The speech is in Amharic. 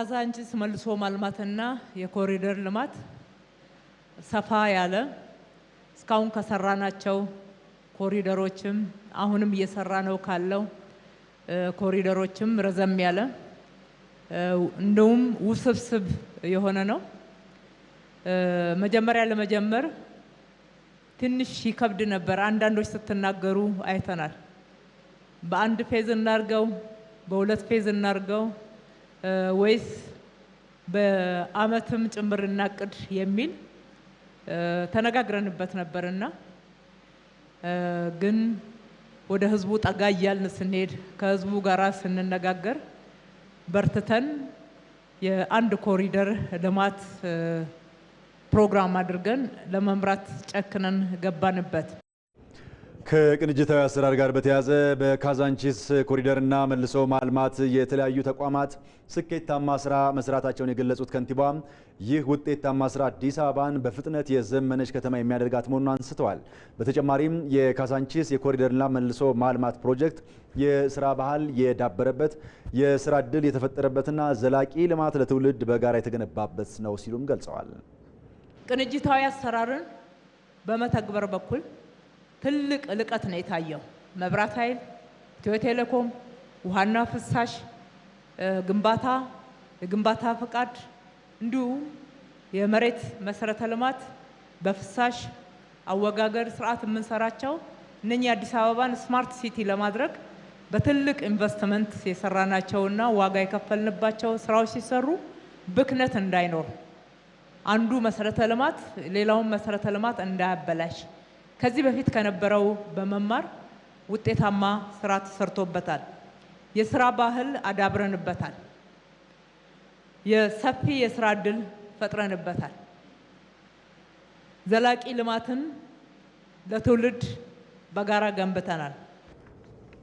ካዛንቺስ መልሶ ማልማትና የኮሪደር ልማት ሰፋ ያለ እስካሁን ከሰራናቸው ኮሪደሮችም አሁንም እየሰራ ነው ካለው ኮሪደሮችም ረዘም ያለ እንደውም ውስብስብ የሆነ ነው። መጀመሪያ ለመጀመር ትንሽ ይከብድ ነበር። አንዳንዶች ስትናገሩ አይተናል። በአንድ ፌዝ እናርገው፣ በሁለት ፌዝ እናርገው ወይስ በአመትም ጭምር እናቅድ የሚል ተነጋግረንበት ነበርና ግን ወደ ህዝቡ ጠጋ እያልን ስንሄድ ከህዝቡ ጋር ስንነጋገር በርትተን የአንድ ኮሪደር ልማት ፕሮግራም አድርገን ለመምራት ጨክነን ገባንበት። ከቅንጅታዊ አሰራር ጋር በተያያዘ በካዛንቺስ ኮሪደርና መልሶ ማልማት የተለያዩ ተቋማት ስኬታማ ስራ መስራታቸውን የገለጹት ከንቲባ ይህ ውጤታማ ስራ አዲስ አበባን በፍጥነት የዘመነች ከተማ የሚያደርጋት መሆኑን አንስተዋል። በተጨማሪም የካዛንቺስ የኮሪደርና መልሶ ማልማት ፕሮጀክት የስራ ባህል የዳበረበት የስራ እድል የተፈጠረበትና ዘላቂ ልማት ለትውልድ በጋራ የተገነባበት ነው ሲሉም ገልጸዋል። ቅንጅታዊ አሰራርን በመተግበር በኩል ትልቅ ልቀት ነው የታየው። መብራት ኃይል፣ ኢትዮ ቴሌኮም፣ ውሃና ፍሳሽ፣ ግንባታ፣ የግንባታ ፈቃድ እንዲሁም የመሬት መሰረተ ልማት በፍሳሽ አወጋገር ስርዓት የምንሰራቸው እነኚህ የአዲስ አበባን ስማርት ሲቲ ለማድረግ በትልቅ ኢንቨስትመንት የሰራናቸውና ዋጋ የከፈልንባቸው ስራዎች ሲሰሩ ብክነት እንዳይኖር አንዱ መሰረተ ልማት ሌላውን መሰረተ ልማት እንዳያበላሽ ከዚህ በፊት ከነበረው በመማር ውጤታማ ስራ ተሰርቶበታል። የስራ ባህል አዳብረንበታል። የሰፊ የስራ እድል ፈጥረንበታል። ዘላቂ ልማትን ለትውልድ በጋራ ገንብተናል።